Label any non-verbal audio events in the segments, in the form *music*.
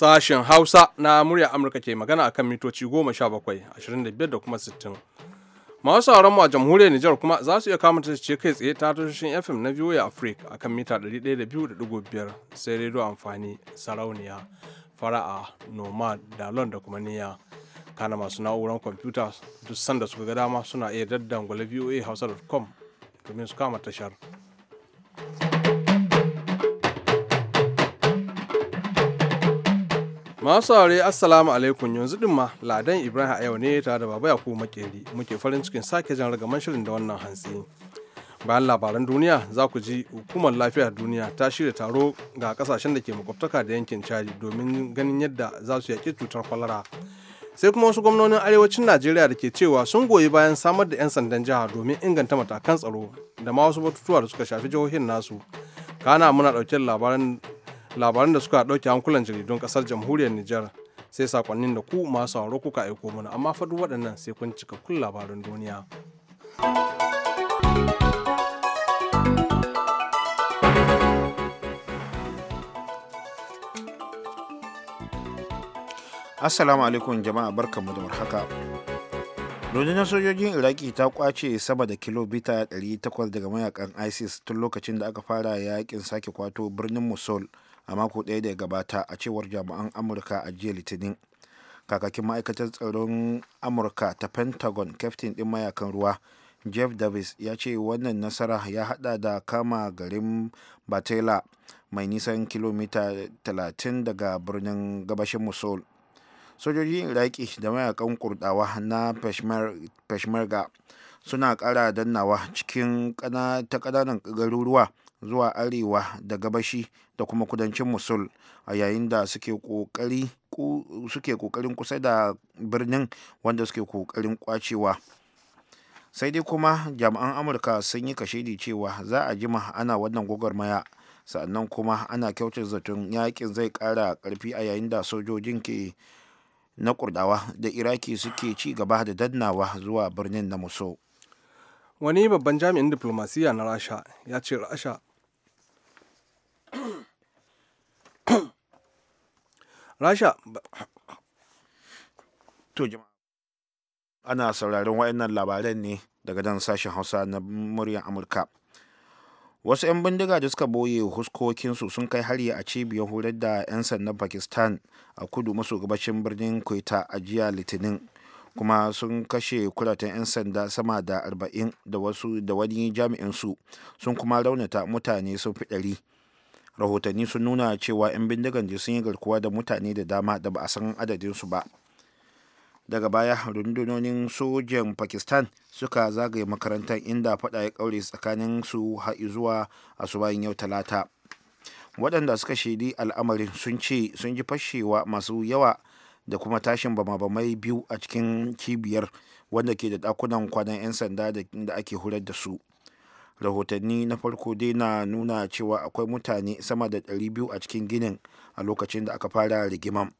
Sashen Hausa na murya Amurka ke magana a kan mitoci goma sha bakwai, ashirin da kuma sittin. Masu sauran mu a jamhuriyar Nijar kuma za su iya kama ce kai tsaye ta tashoshin FM na VOA Africa kan mita 102.5 sai rediyo amfani sarauniya fara'a noma dalon da kuma niyya kana masu na'urar kwamfuta duk sanda suka ga dama suna iya daddangwale voa hausa.com domin su kama tashar. Masu saurari Assalamu alaikum yanzu din ma Ladan Ibrahim a yau ne tare da Baba Yakubu Makeri muke farin cikin sake jan ragaman shirin da wannan hantsi. Bayan labaran duniya za ku ji hukumar lafiyar duniya ta shirya taro ga kasashen da ke makwabtaka da yankin Chadi domin ganin yadda za su yaƙi cutar kwalara. Sai kuma wasu gwamnonin arewacin Najeriya da ke cewa sun goyi bayan samar da 'yan sandan jiha domin inganta matakan tsaro da ma wasu batutuwa da suka shafi jihohin nasu. Kana muna ɗauke labaran labaran da suka ɗauke hankulan jaridun ƙasar jamhuriyar Nijar sai sakonnin da ku masu sauraro kuka aiko mana amma fa duk waɗannan sai kun cika kun labaran duniya. Assalamu alaikum jama'a barkanmu da warhaka. rundunar sojojin iraki ta kwace sama da kilomita 800 daga mayakan isis tun lokacin da aka fara yakin sake kwato birnin mosul a mako ɗaya da ya gabata a cewar jami'an amurka a jiya litinin kakakin ma'aikatar tsaron amurka ta pentagon kyaftin ɗin mayakan ruwa jeff davis ya ce wannan nasara ya hada da kama garin batela mai nisan kilomita 30 daga birnin gabashin musul sojojin iraki da mayakan kurdawa na peshmerga suna kara dannawa cikin ta kananan garuruwa zuwa arewa da gabashi da kuma kudancin musul a yayin da suke kokarin kusa da birnin wanda suke kokarin kwacewa sai dai kuma jami'an amurka sun yi kashedi cewa za a jima ana wannan gwagwarmaya sannan kuma ana kyautar zaton yakin zai kara karfi a yayin da sojojin ke na kurdawa da iraki suke ci gaba da dannawa zuwa birnin na muso wani babban jami'in diplomasiya na rasha ya ce rasha *coughs* Rasha *coughs* to jama'a ana sauraron waɗannan labaran ne daga nan sashen Hausa na muryar Amurka. Wasu 'yan bindiga da suka boye huskokinsu sun kai hari a cibiyar horar da 'yan sandan Pakistan a kudu maso gabashin birnin Kweta a jiya Litinin. kuma sun kashe kuratan 'yan sanda sama da 40 da wasu da wani jami'insu sun kuma raunata mutane sun fi ɗari. rahotanni sun nuna cewa 'yan bindigan je sun yi garkuwa da mutane da dama da ba a san su ba daga baya rundunonin sojan pakistan suka zagaye makarantar inda fada ya kaure tsakanin su zuwa bayan yau talata waɗanda suka shaidi al'amarin sun ce sun ji fashewa masu yawa da kuma tashin bama-bamai biyu a cikin kibiyar wanda ke da ɗakunan kwanan 'yan sanda da ake horar da su rahotanni na farko dai na nuna cewa akwai mutane sama da 200 a cikin ginin a lokacin da aka fara rigiman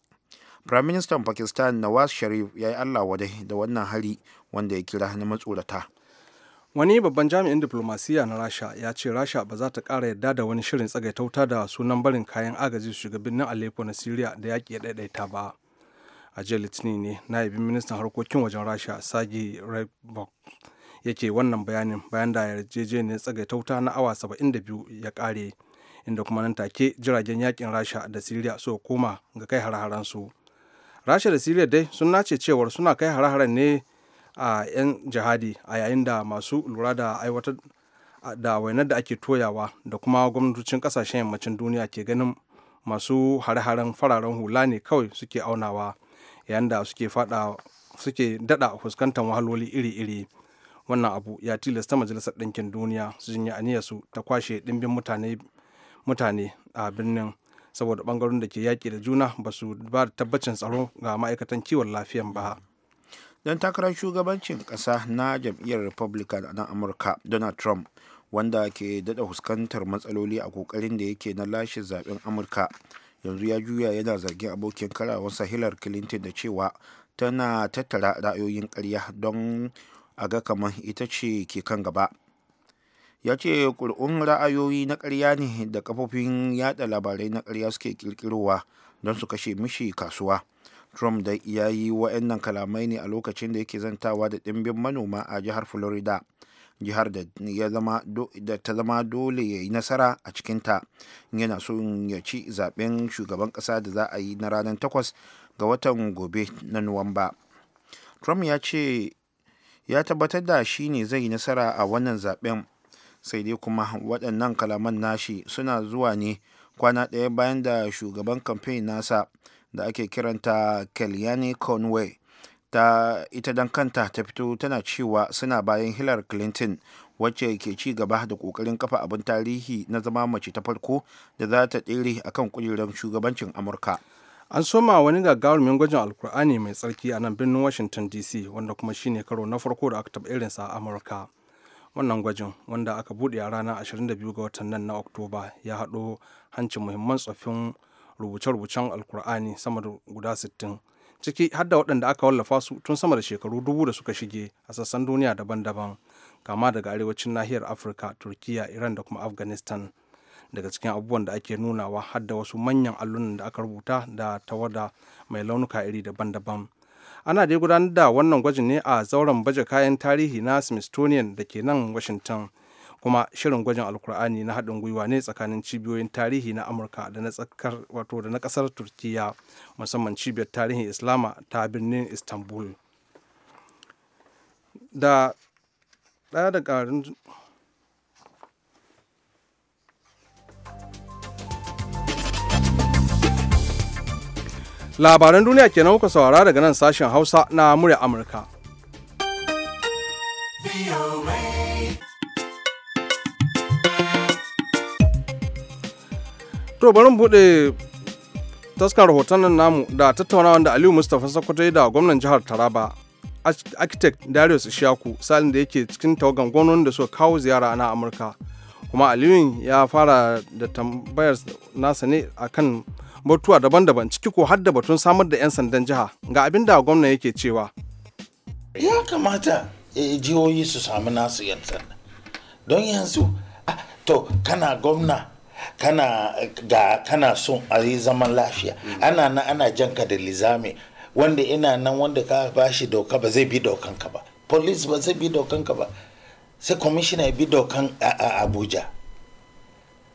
prime minister pakistan nawaz sharif ya yi allah wadai da wannan hari wanda ya kira na matsorata wani babban jami'in diplomasiya na rasha ya ce rasha ba za ta kara yadda da wani shirin tsagaitauta da sunan barin kayan agaji su shiga birnin aleppo na syria da yaƙi ya ɗaiɗaita ba a jiya litinin ne na ministan harkokin wajen rasha sagi rebok yake wannan bayanin bayan da yarjejeniyar tsagaita wuta na awa 72 ya kare inda kuma nan take jiragen yakin rasha da siriya su koma ga kai har su rasha da siriya dai sun nace cewar suna kai har ne a 'yan jihadi a yayin da masu lura da aiwatar da wainar da ake toyawa da kuma gwamnatocin kasashen yammacin duniya ke ganin masu hare-haren fararen hula ne kawai suke aunawa yayin da suke fada suke dada fuskantar wahaloli iri-iri wannan abu ya tilasta majalisar ɗinkin duniya su jinya aniyar su ta kwashe ɗimbin mutane a birnin saboda ɓangaren da ke yaƙi da juna ba su ba da tabbacin tsaro ga ma'aikatan kiwon lafiyan ba don takarar shugabancin ƙasa na jam'iyyar republican na amurka donald trump wanda ke daɗa fuskantar matsaloli a kokarin da yake na lashe zaben amurka yanzu ya juya yana zargin abokin karawarsa hillary clinton da cewa tana tattara ra'ayoyin karya don a ga kamar ita ce ke kan gaba ya ce ƙuri'un ra'ayoyi na ƙarya ne da kafofin yada labarai na ƙarya suke ƙirƙirowa don su kashe mishi kasuwa trump da ya yi wa'annan kalamai ne a lokacin da yake zantawa da ɗimbin manoma a jihar florida jihar da ta zama dole ya yi nasara a cikinta yana so ya ci zaɓen shugaban ƙasa da za a yi na ranar takwas ga watan gobe na nuwamba trump ya ce ya tabbatar da shi ne zai yi nasara a wannan zaben sai dai kuma waɗannan kalaman nashi suna zuwa ne kwana ɗaya bayan da shugaban kamfen nasa da ake kiranta kellyanne conway ta ita dan kanta ta fito tana cewa suna bayan hillary clinton wacce ke ci gaba da ƙoƙarin kafa abin tarihi na zama mace ta farko da za ta tsere akan kujerar shugabancin amurka an soma wani gagarumin gwajin alkur'ani mai tsarki a nan birnin washington dc wanda kuma shine karo na farko da aka taɓa irinsa a amurka wannan gwajin wanda aka buɗe a ranar 22 ga watan nan na oktoba ya haɗo hancin muhimman tsoffin rubuce-rubucen alkur'ani sama da guda 60 ciki har da waɗanda aka wallafa su tun sama da shekaru dubu da suka shige a sassan duniya daban-daban kama daga arewacin nahiyar afirka turkiya iran da kuma afghanistan daga cikin abubuwan da ake nunawa har da wasu manyan allunan da aka rubuta da tawada mai launuka iri daban-daban ana dai gudanar da wannan gwajin ne a zauren baje kayan tarihi na smithsonian da ke nan washington kuma shirin gwajin alkur'ani na haɗin gwiwa ne tsakanin cibiyoyin tarihi na amurka da na tsakar da na ƙasar turkiya musamman cibiyar tarihin islama ta birnin istanbul da ɗaya da ƙarin labaran duniya kenan kuka saurara daga nan sashen hausa na murya amurka to barin buɗe bude taskar nan namu da tattaunawa da aliyu mustapha sokoto da gwamnan jihar taraba architect darius ishaku salin da yake cikin tawagan gwamnonin da suka kawo ziyara na amurka kuma aliyu ya fara da tambayar nasa ne akan batuwa daban-daban ciki ko har da batun samar da 'yan sandan jiha ga abin da gwamna yake cewa ya kamata eh, jihohi su samu nasu 'yan sanda don yanzu to kana gwamna kana ga kana son a yi zaman lafiya ana nan ana janka da lizami wanda ina nan wanda ka bashi doka ba zai bi dokan ka ba police ba zai bi dokan ka ba sai kwamishina ya bi dokan a abuja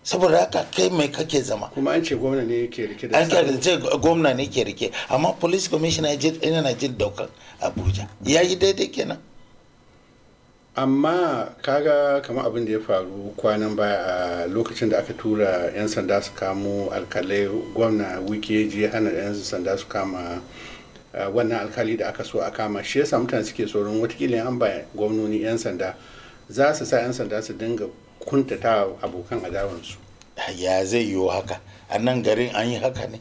saboda haka kai mai kake zama kuma an ce gwamna ne yake rike da an ce gwamna ne yake rike amma police commissioner yana na jin daukar abuja ya yi daidai kenan amma kaga kamar abin da ya faru kwanan baya a lokacin da aka tura 'yan sanda su kamo alkalai gwamna wiki je hana 'yan sanda su kama eh, wannan alkali da aka so a kama shi yasa mutane suke tsoron watakila an ba gwamnoni 'yan sanda za su sa 'yan sanda su dinga kuntata abokan adawansu ya zai yiwu haka a nan garin an yi haka ne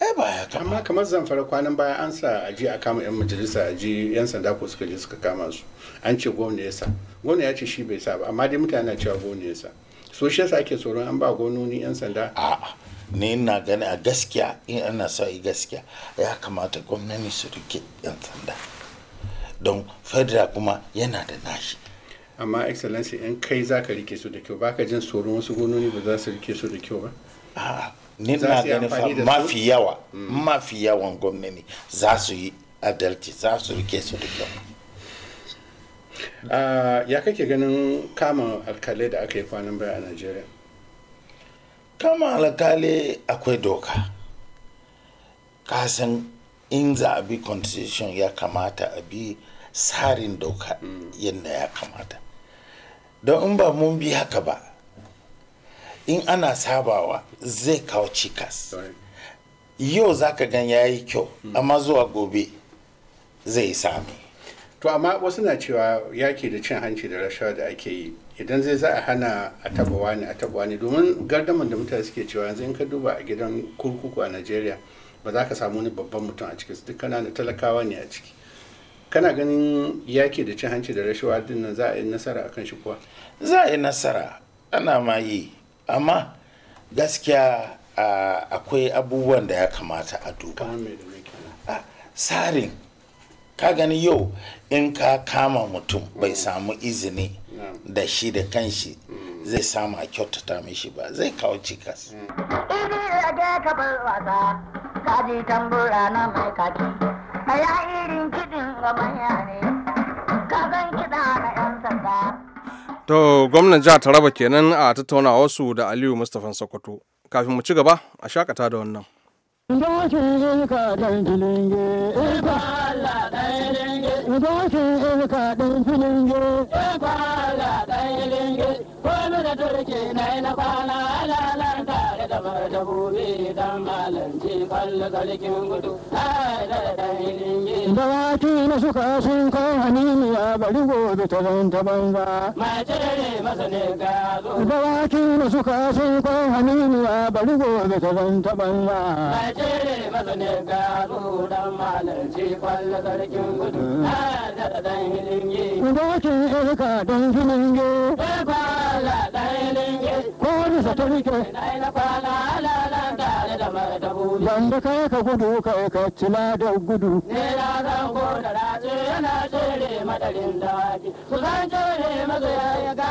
ai ba kama. amma kamar zamfara kwanan baya an sa a ji a kama yan majalisa a ji yan sanda ko suka je suka kama su an ce gwamna ya sa gwamna ya ce shi bai sa ba amma dai mutane na cewa gwamna ya sa so shi yasa ake tsoron an ba gwamnoni yan sanda a'a ne ina gani a gaskiya in ana sa yi gaskiya ya kamata gwamnati su rike yan sanda don federal kuma yana da nashi amma excellency in kai za ka rike su da kyau baka jin tsoron wasu gononi ba za su rike su da kyau ba a'a ni na gani fa mafi yawa hmm. mafi yawan gwamnati za su yi adalci za su rike su da kyau ah, ya kake ganin kama alkali da aka yi kwanan baya a nigeria kama alkali akwai doka kasan in za a bi constitution ya kamata a bi tsarin doka hmm. yadda ya kamata don in ba mun bi haka ba in ana sabawa zai kawo cikas yau za ka gan ya yi kyau amma zuwa gobe zai sami to amma wasu na cewa yaki da cin hanci da rashawa da ake yi idan zai za a hana a taba wani a taba wani domin gardaman da mutane suke cewa yanzu in ka duba a gidan kurkuku a najeriya ba za ka samu wani babban mutum a ciki duk na talakawa ne a ciki kana ganin yaki da cin hanci da rashawa din nan za a yi nasara akan shi kuwa za a yi nasara ana ma yi amma gaskiya akwai abubuwan da ya kamata a duba tsarin ka gani yau in ka kama mutum bai mm. samu izini da shi da kanshi mm. zai samu a kyautata shi ba zai kawo cikas mm. ka bar wasa, kaji tambura na mai kaki. ya irin kiɗin rabanya ne kagan kiɗa na 'yan sanda to gwamnan jihar taraba kenan a tattauna wasu da aliyu mustapha sokoto kafin mu ci gaba a shakata da wannan dange ko turke na yi na kwana alalar tare da martabubi dan malanci kwallo sarkin gudu tare da dange. Dawaki na suka sun kan haniniya bari gobe ta zan zanta banza. Mace da ne masa ne gazo. Dawaki na suka sun kan haniniya bari gobe ta zan zanta banza. Mace da ne masa ne gazo dan malanci kwallo sarkin gudu Dokin ilka don filinge. Ko ni sa tarike. Yanda kai ka gudu kai ka cila da gudu. Ne ya zan ko da race yana cire madarin Su zan cire mazaya ya ga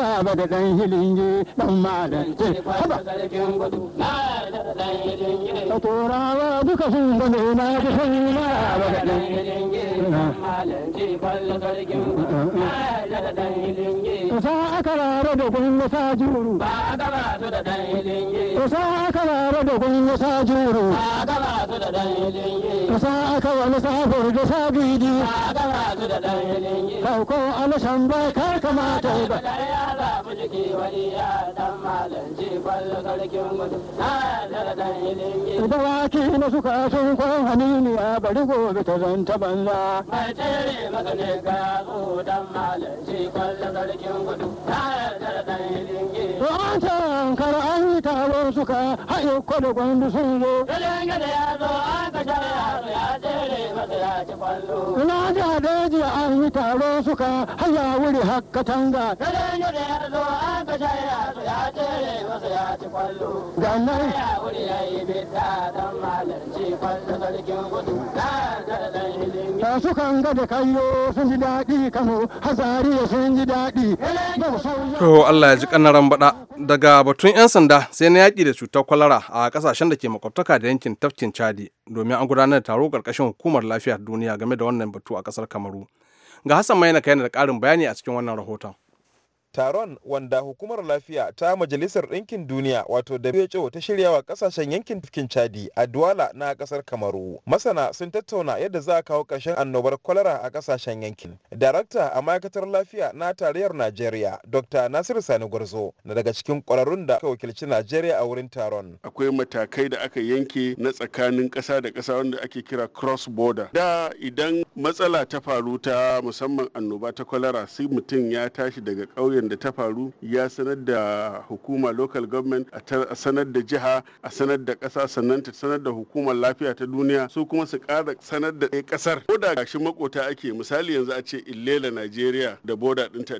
ba ba da dan hilinge dan malance haba ka turawa duka sun ba ne na ji sun na ba da dan hilinge dan malance balla sarkin da dan hilinge to sa aka raro da gun sa juru ba aka ba da dan hilinge to sa aka raro da gun sa juru ba aka ba da dan hilinge to sa aka wani safur da sabidi ba aka ba da dan hilinge kauko alashan ba kar kamata ba ba mu jiki wani ya dan sarkin na da dan suka sun kwan bari gobe ta zanta banza. ne dan sarkin na da dan ilimi. an an yi taron suka haɗe gwandu sun zo. gada ya zo an ka shara ya masa ya ci kwallo. ji a daji an yi taron suka haya wuri hakka tanga. gada ya kayo sun ji daɗi Kano hazari sun ji daɗi. To Allah ya ji kanaran baɗa daga batun 'yan sanda sai na yaƙi da cutar kwalara a kasashen da ke makwabtaka da yankin tafkin Chadi domin an gudanar da taro ƙarƙashin hukumar lafiyar duniya game da wannan batu a ƙasar Kamaru. Ga Hassan Maina kai da ƙarin bayani a cikin wannan rahoton. taron wanda hukumar lafiya ta majalisar ɗinkin duniya wato who ta shirya wa ƙasashen yankin cikin chadi a duwala na ƙasar kamaru masana sun tattauna yadda za a kawo ƙarshen annobar kwalara a ƙasashen yankin darakta a ma'aikatar lafiya na tarayyar najeriya dr nasir sani gwarzo na daga cikin ƙwararrun da aka wakilci najeriya a wurin taron akwai matakai da aka yanke na tsakanin ƙasa da ƙasa wanda ake kira cross border da idan matsala ta faru ta musamman annoba ta kwalara sai mutum ya tashi daga ƙauye tragedian da ta faru ya sanar da hukuma local government a sanar da jiha a sanar da ƙasa sannan ta sanar da hukumar lafiya ta duniya su kuma su kara sanar da ƙasar ko da gashi makota ake misali yanzu a ce illela najeriya da boda din ta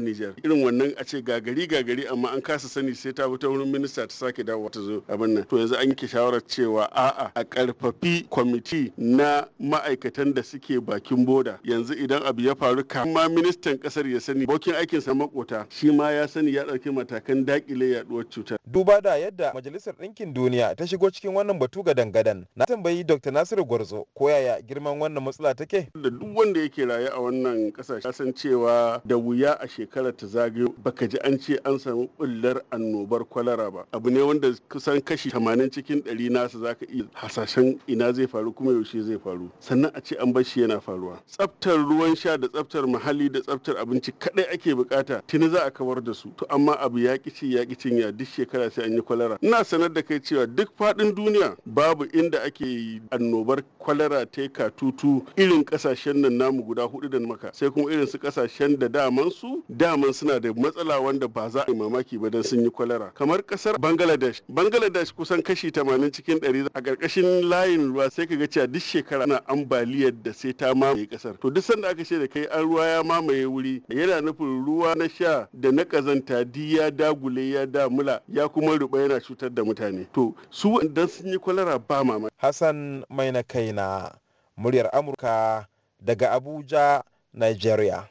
nijar irin wannan a ce gagari gagari amma an kasa sani sai ta ta wurin minista ta sake dawowa ta zo abin nan to yanzu an yanke shawarar cewa a'a a karfafi kwamiti na ma'aikatan da suke bakin boda yanzu idan abu ya faru kama ministan ƙasar ya sani bokin aikinsa makota makota shi ma ya sani ya ɗauki matakan dakile yaduwar cutar. Duba da yadda Majalisar Ɗinkin Duniya ta shigo cikin wannan batu ga dangadan. Na tambayi Dr. Nasiru Gwarzo ko yaya girman wannan matsala take? Da duk wanda yake raye a wannan ƙasashe san cewa da wuya a shekara ta zagayo baka ji an ce an samu bullar annobar kwalara ba. Abu ne wanda kusan kashi tamanin cikin 100 nasa zaka iya hasashen ina zai faru kuma yaushe zai faru. Sannan a ce an bar shi yana faruwa. Tsaftar ruwan sha da tsaftar muhalli da tsaftar abinci kadai ake bukata tuni za a kawar da su to amma abu ya kici ya cin ya duk shekara sai an yi kwalara ina sanar da kai cewa duk faɗin duniya babu inda ake annobar kwalara ta katutu irin ƙasashen nan namu guda hudu da maka sai kuma irin su kasashen da daman su daman suna da matsala wanda ba za a yi mamaki ba dan sun yi kwalara kamar kasar bangladesh bangladesh kusan kashi 80 cikin 100 a ƙarƙashin layin ruwa sai ka ga cewa duk shekara ana ambaliyar da sai ta mamaye kasar to duk sanda aka ce da kai an ruwa ya mamaye wuri yana nufin ruwa na sha da na kazanta di ya dagule ya damula ya kuma ruba yana cutar da mutane to su dan sun yi kwalara ba mama hassan mai na kaina muryar amurka daga abuja nigeria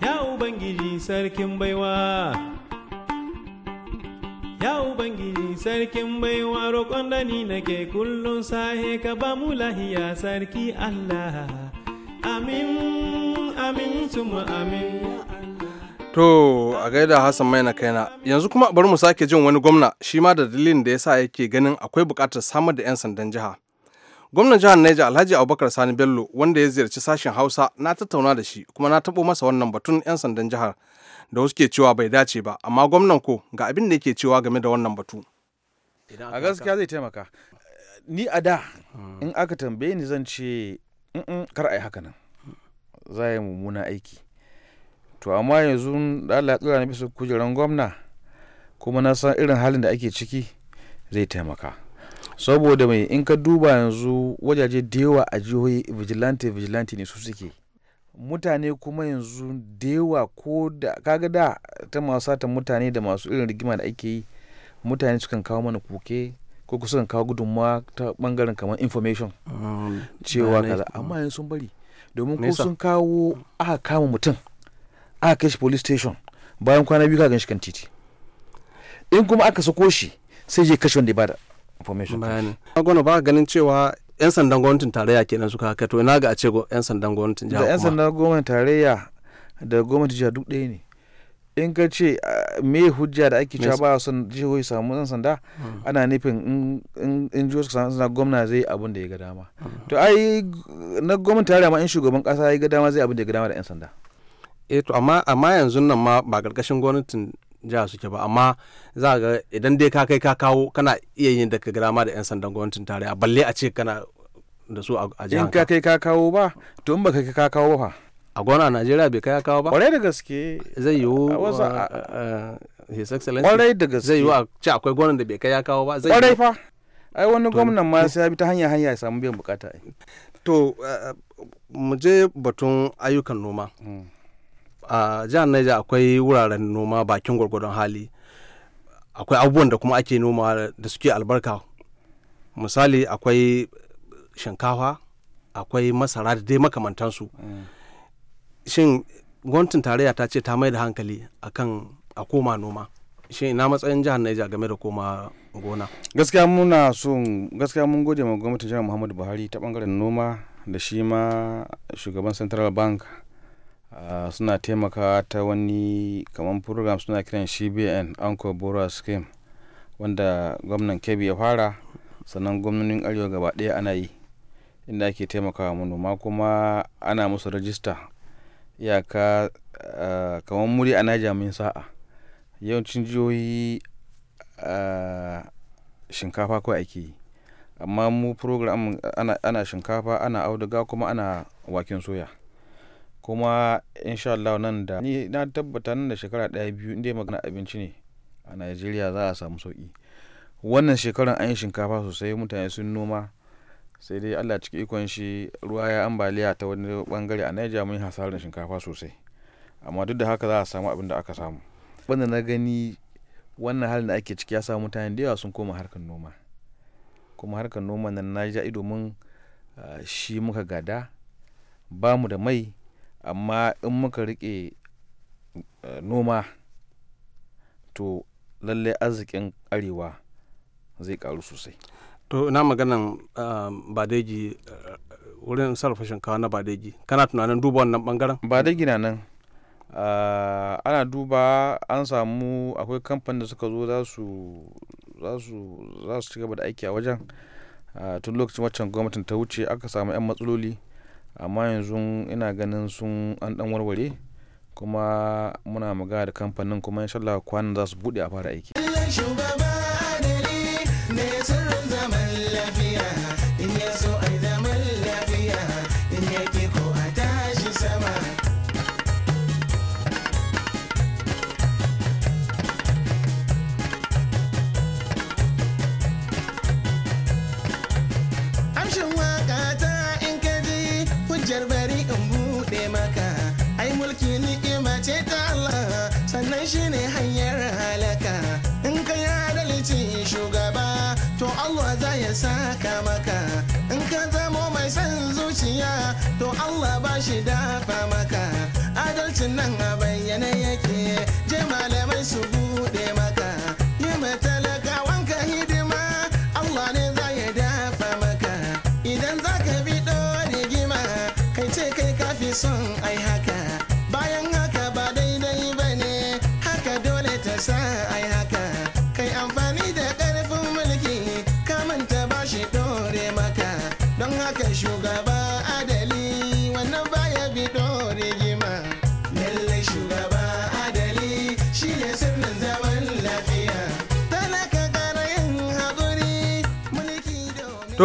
ya ubangiji sarkin baiwa Ya Ubangiji sarkin baiwa roƙon da nake kullum sahe ka ba mu lahiya sarki Allah. Amin, amin, tumu amin. To, a gaida Hassan mai na kaina, yanzu kuma bari mu sake jin wani gwamna shi ma da dalilin da ya sa yake ganin akwai buƙatar samar da 'yan sandan jiha. Gwamnan jihar Niger, Alhaji Abubakar Sani Bello wanda ya ziyarci sashen Hausa na tattauna da shi kuma na taɓo masa wannan batun 'yan sandan jihar da wasu ke cewa bai dace ba amma gwamnan ko ga abin da yake cewa game da wannan batu a gaskiya zai taimaka ni a da hmm. in aka tambaye ni zan ce kar a yi haka nan za yi mummuna aiki to amma yanzu da Allah na bisa kujeran gwamna kuma na san irin halin da ake ciki zai taimaka saboda mai in ka duba yanzu wajaje da yawa a jihohi vigilante vigilante ne su suke mutane kuma yanzu da ko da kaga da ta masu satan mutane da masu irin rigima da ake yi mutane sukan kawo mana kuke ko kusa kan kawo gudunmawa ta bangaren kamar information mm. cewa kaza amma yanzu sun bari domin ko sun kawo aka kama mutum aka kai shi police station bayan kwana biyu ka shi kan titi in kuma aka sako shi sai je kashe wanda ya bada information. ba ba ganin cewa yan sandan gwamnatin tarayya kenan suka haka to ina ga a ce yan sandan gwamnatin jiha da yan sandan gwamnatin tarayya da gwamnatin jiha duk ɗaya ne in ka ce me hujja da ake cewa ba a son jihohi samu yan sanda hmm. ana nufin in jihohi samu sanda gwamna zai abin da ya ga dama hmm. to ai na gwamnatin tarayya ma in shugaban kasa ya ga dama zai abin da ya ga dama da yan sanda eh to amma amma yanzu nan ma ba karkashin gwamnatin jiha suke ba amma za ga idan dai ka kai ka kawo kana iya yin da ka gama da 'yan sandan gwamnatin tarayya balle a ce kana da su a jihar in ka kai ka kawo ba to in ba kai ka kawo ba a gona a najeriya bai kai ya kawo ba kwarai da gaske zai yiwu uh, uh, his excellency kwarai da gaske zai yiwu a ce akwai gonan da bai kai ya kawo ba zai kwarai fa ai wani gwamnan ma sai bi ta hanya hanya ya samu biyan bukata to uh, mu je batun ayyukan noma hmm. a jihar Niger akwai wuraren noma bakin gwargwadon hali akwai abubuwan da kuma ake noma da suke albarka misali akwai shinkafa akwai masara da dai makamantansu shin gwamnatin tarayya ta ce ta mai da hankali akan a koma noma shin ina matsayin jihar Niger game da koma gona gaskiya muna so gaskiya mun gode ma gwamnatin jihar Muhammadu Buhari ta bangaren noma da shi ma shugaban Central Bank uh, suna taimaka ta wani kamar program suna kiran CBN Anko Bora Scheme wanda gwamnan kebi ya fara sannan gwamnonin Arewa gaba ɗaya ana yi inda ake taimakawa manoma kuma ana musu rajista iyaka kamar muri a naija mun sa'a yawancin jihohi shinkafa kawai ake yi amma mu program ana, shinkafa ana auduga kuma ana waken soya kuma insha Allah nan da ni na tabbata nan da shekara daya biyu inda magana abinci ne a Najeriya za a samu sauki wannan shekaran an yi shinkafa sosai mutane sun noma sai dai allah ciki ikon shi ruwa ya ambaliya ta wani bangare a naija mun hasarin shinkafa sosai amma duk da haka za a samu abin da aka samu wanda na gani wannan halin da ake ciki ya samu mutane da yawa sun koma harkar noma kuma harkar noma nan na ja ido mun shi muka gada ba mu da mai amma in muka rike noma to lallai arzikin arewa zai karu sosai to ina maganan ah, badeji eh, wurin sarrafa shinkawa na badeji kana tunanin duba wannan bangaren badeji na nan ah, ana duba an samu akwai kamfanin da suka zo za su ci gaba da aiki a wajen ah, tun lokacin waccan gwamnatin ta wuce aka samu 'yan matsaloli amma yanzu ina ganin sun an dan warware kuma muna magana da kamfanin kuma insha Allah kwanan za su bude a fara aiki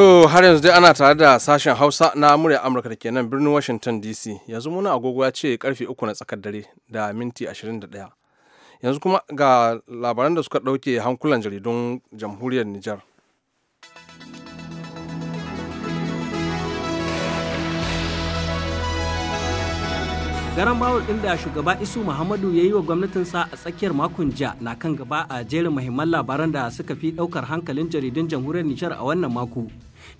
har yanzu dai ana tare da sashen Hausa na murya Amurka da ke nan birnin Washington DC. Yanzu muna agogo ya ce karfe uku na tsakar dare da minti 21. Yanzu kuma ga labaran da suka ɗauke hankulan jaridun jamhuriyar Nijar. garan bawul din da shugaba isu muhammadu ya yi wa gwamnatinsa a tsakiyar makon jiya na kan gaba a jerin muhimman labaran da suka fi daukar hankalin jaridun jamhuriyar nijar a wannan mako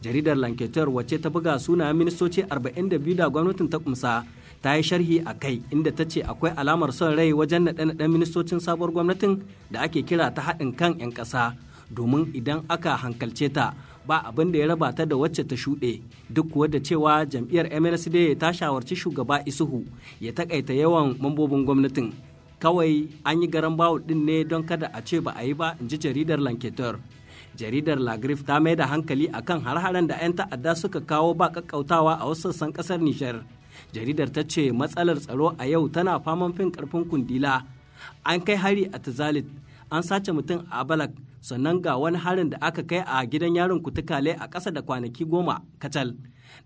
jaridar lanketer wacce ta buga suna ministoci 42 da gwamnatin ta kumsa ta yi sharhi a kai inda ta ce akwai alamar son rai wajen naɗe-naɗen ministocin sabuwar gwamnatin da ake kira ta haɗin kan 'yan ƙasa domin idan aka hankalce ta ba abin da ya raba ta da wacce ta shuɗe duk kuwa da cewa jam'iyyar mnsd ta shawarci shugaba isuhu ya takaita yawan mambobin gwamnatin kawai an yi garan bawul ɗin ne don kada a ce ba a yi ba in ji jaridar lanketer jaridar lagrif ta mai da hankali akan har-haren da 'yan ta'adda suka kawo ba kakkautawa a wasu sassan kasar nijar jaridar ta ce matsalar tsaro a yau tana faman fin karfin kundila an kai hari a tizalit an sace mutum a balak sannan ga wani harin da aka kai a gidan yaron kutukale a ƙasa da kwanaki goma kacal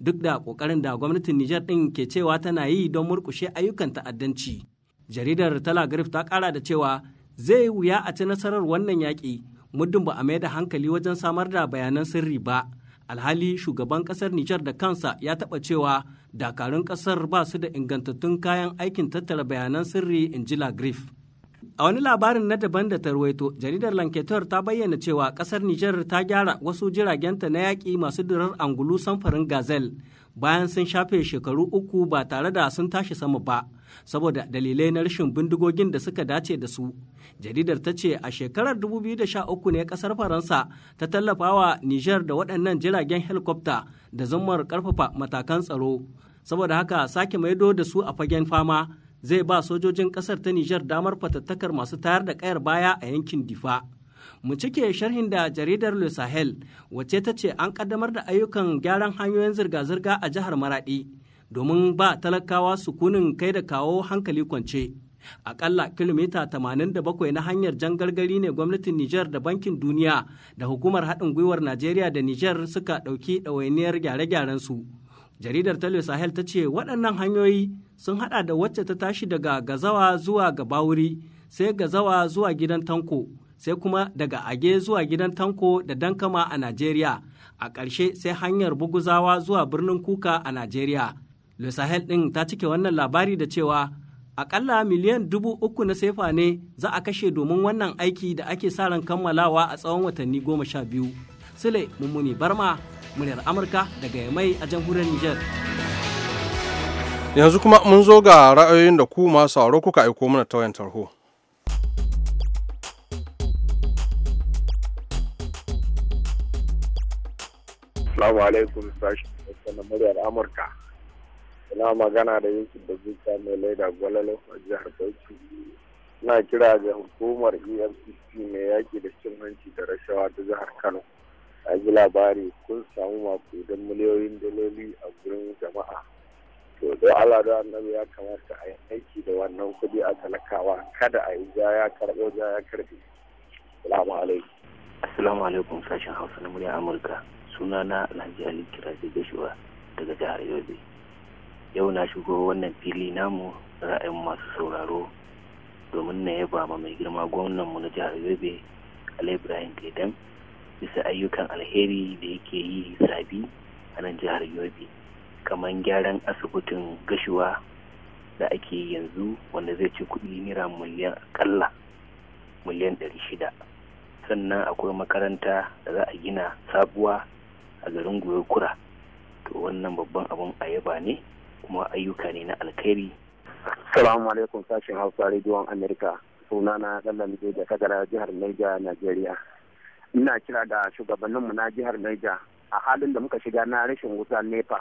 duk da ƙoƙarin da gwamnatin nijar ɗin ke cewa tana yi don murƙushe ayyukan ta'addanci jaridar ta lagrif ta ƙara da cewa zai wuya a ci nasarar wannan yaƙi muddin ba a mai da hankali wajen samar da bayanan sirri ba alhali shugaban kasar nijar da kansa ya taɓa cewa dakarun kasar ba su da ingantattun kayan aikin tattara bayanan sirri in ji lagrif a wani labarin na daban da tarwaito jaridar lanketor ta bayyana cewa kasar nijar ta gyara wasu jiragenta na yaƙi masu durar angulu samfarin gazel bayan sun shafe shekaru uku ba tare da sun tashi sama ba saboda dalilai na rashin bindigogin da suka dace da su jaridar ta ce a shekarar 2013 ne kasar faransa ta tallafawa niger da waɗannan jiragen helikwafta da zammar karfafa matakan tsaro saboda haka sake maido da su a fagen fama zai ba sojojin kasar ta niger damar fatattakar masu tayar da kayar baya a yankin difa mu cike sharhin da jaridar Le Sahel wacce ta ce an kaddamar da ayyukan gyaran hanyoyin zirga-zirga a jihar Maradi domin ba talakawa su sukunin kai da kawo hankali kwance. Akalla kilomita 87 na hanyar jan gargari ne gwamnatin Nijar da Bankin Duniya da hukumar haɗin gwiwar Najeriya da Nijar suka ɗauki ɗawainiyar gyare-gyaren su. Jaridar ta Sahel ta ce waɗannan hanyoyi sun haɗa da wacce ta tashi daga Gazawa zuwa Gabawuri sai Gazawa zuwa gidan Tanko. sai kuma daga age zuwa gidan tanko da dankama a Najeriya, a ƙarshe sai hanyar buguzawa zuwa birnin kuka a Najeriya. Le Sahel ɗin ta cike wannan labari da cewa aƙalla miliyan dubu uku na sefa ne za a kashe domin wannan aiki da ake sa ran kammalawa a tsawon watanni goma sha biyu. Sule Mummuni Barma, muryar Amurka daga Yamai a jamhuriyar Nijar. Yanzu kuma mun zo ga ra'ayoyin da ku masu sauro kuka aiko mana ta tarho. Assalamu alaikum sashi na muryar Amurka. Ina magana da Yusuf da Zuka mai laida gwalalo a jihar Bauchi. Ina kira ga hukumar EFCC mai yaƙi da cin hanci da rashawa ta jihar Kano. A ji labari kun samu makudan miliyoyin daloli a gurin jama'a. To da Allah da annabi ya kamata a yi aiki da wannan kuɗi a talakawa kada a yi ja ya karɓo ja ya karɓe. Assalamu alaikum. Assalamu alaikum sashen Hausa na muryar Amurka. suna na alhaji ali kiraji gashuwa daga jihar yobe yau na shigo wannan fili namu ra'ayin masu sauraro domin na yaba ma mai girma gwamnan mu na jihar yobe ali ibrahim Gaidan, bisa ayyukan alheri da yake yi sabi a nan jihar yobe kamar gyaran asibitin gashuwa da ake yanzu wanda zai ci kuɗi naira miliyan akalla miliyan ɗari shida sannan akwai makaranta da za a gina sabuwa a garin kura to wannan babban abun ayaba ne kuma ayyuka ne na alkhairi salamu alaikum sashen hausa rediyon amerika sunana dan da kagara jihar naija najeriya ina kira da shugabanninmu na jihar naija a halin da muka shiga na rashin wuta nepa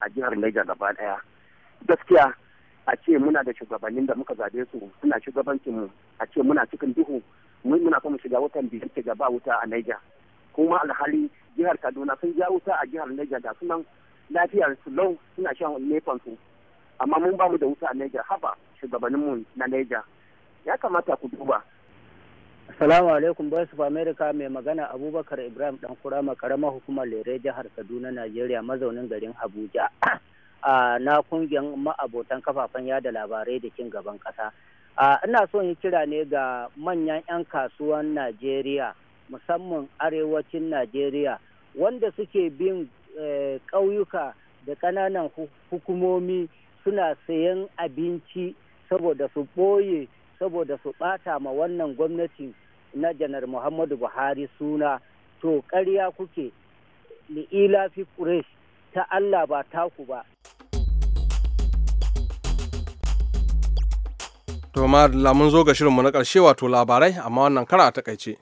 a jihar naija gaba daya gaskiya a ce muna da shugabannin da muka zabe su suna shugabancinmu a ce muna cikin duhu muna kuma shiga wutan biyu ke gaba wuta a naija kuma alhali jihar kaduna sun ja wuta a jihar niger da sunan lafiyar su lau suna shan nefan su amma mun bamu da wuta a niger haba shugabanninmu na niger ya kamata ku duba Assalamu alaikum Boys of America mai magana Abubakar Ibrahim dan kurama karamar hukumar Lere jihar Kaduna Najeriya mazaunin garin Abuja. *clears throat* a na kungiyar ma'abotan kafafen yada labarai da cin gaban kasa. ina son yi kira ne ga manyan 'yan kasuwan Najeriya musamman arewacin Najeriya wanda suke bin eh, ƙauyuka da ƙananan hukumomi suna sayan abinci saboda su ɓoye saboda su ɓata ma wannan gwamnati na janar muhammadu buhari suna to ƙarya kuke li'ila fi ƙuresh ta allah ba taku ba to ma mun zo ga shirinmu na ƙarshe wato labarai amma wannan kara a takaice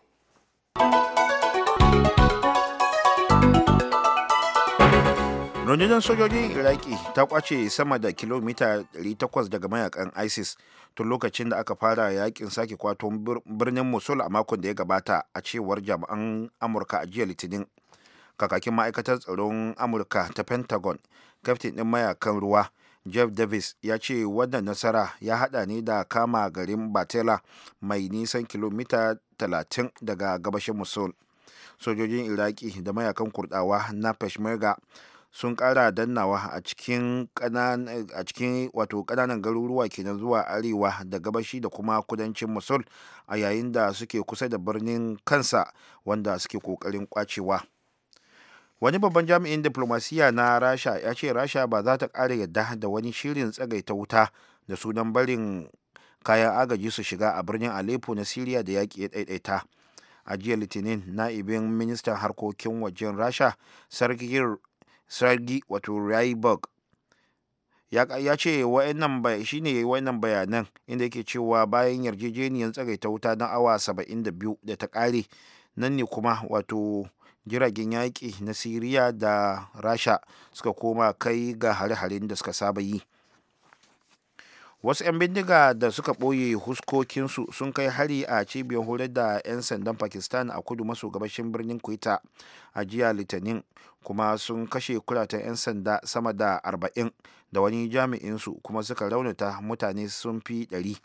rundunar sojojin iraki ta kwace sama da kilomita 800 daga mayakan isis tun lokacin da aka fara yakin sake kwato birnin mosul a makon da ya gabata a cewar jami'an amurka a jiya litinin kakakin ma'aikatar tsaron amurka ta pentagon kaftin ɗin mayakan ruwa jeff davis ya ce wannan nasara ya hada ne da kama garin batela mai nisan kilomita 30 daga gabashin mosul sojojin iraki da mayakan kurdawa na peshmerga sun kara dannawa a cikin a cikin wato ƙananan garuruwa kenan zuwa arewa da gabashi da kuma kudancin musul a yayin da suke kusa da birnin kansa wanda suke kokarin kwacewa wani babban jami'in diplomasiya na rasha ya ce rasha ba za ta ƙara yadda da wani shirin tsagaita wuta da sunan barin kayan agaji su shiga a birnin aleppo na siriya da yaƙi ya ɗaiɗaita a jiya litinin na'ibin ministan harkokin wajen rasha sargir sergi wato ryberg ya ce wa'annan shi ne wa'annan bayanan inda yake cewa bayan yarjejeniyar tsagaita wuta na awa 72 da ta kare nan ne kuma wato jiragen yaƙi na siriya da rasha suka koma kai ga hare-haren da suka saba yi wasu 'yan bindiga da suka ɓoye huskokinsu sun kai hari a cibiyar horar da 'yan sandan pakistan a kudu maso gabashin birnin kwita a jiya litinin kuma sun kashe kuratan 'yan sanda sama da arba'in da wani jami'insu kuma suka raunata mutane sun fi ɗari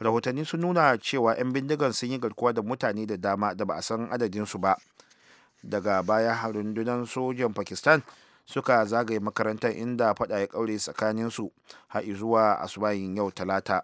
rahotanni sun nuna cewa 'yan bindigan sun yi garkuwa da mutane da dama da ba a san adadinsu ba daga baya rundunar sojan pakistan suka zagaye makarantar inda fada ya kaure tsakaninsu har zuwa asubahin yau talata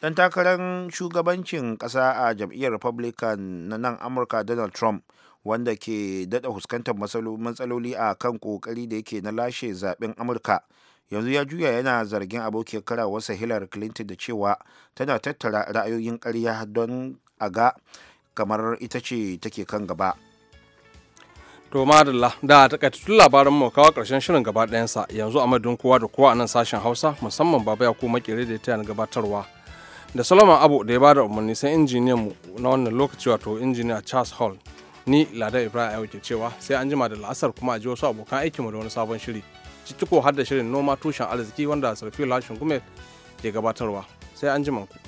dan takarar shugabancin ƙasa a jam'iyyar republican na nan amurka donald trump wanda ke dada fuskantar matsaloli a kan kokari da yake na lashe zaben amurka yanzu ya juya yana zargin abokin karawarsa hillary clinton da cewa tana tattara ra'ayoyin ƙarya don a ga kamar ita ce take kan gaba. To madalla da takaitattun labaran mu kawo karshen shirin gaba sa yanzu a madun kowa da kowa a nan sashen Hausa musamman baba Yakubu ko makere da ta gabatarwa. Da Solomon Abu da ya ba da umarni sai injiniyan mu na wannan lokaci wato injiniya Charles Hall ni Lada Ibrahim ke cewa sai an jima da la'asar kuma a ji wasu abokan aikinmu da wani sabon shiri. Ciki ko har da shirin noma tushen arziki wanda Sarfil Lashin Gumet ke gabatarwa sai an jima ku.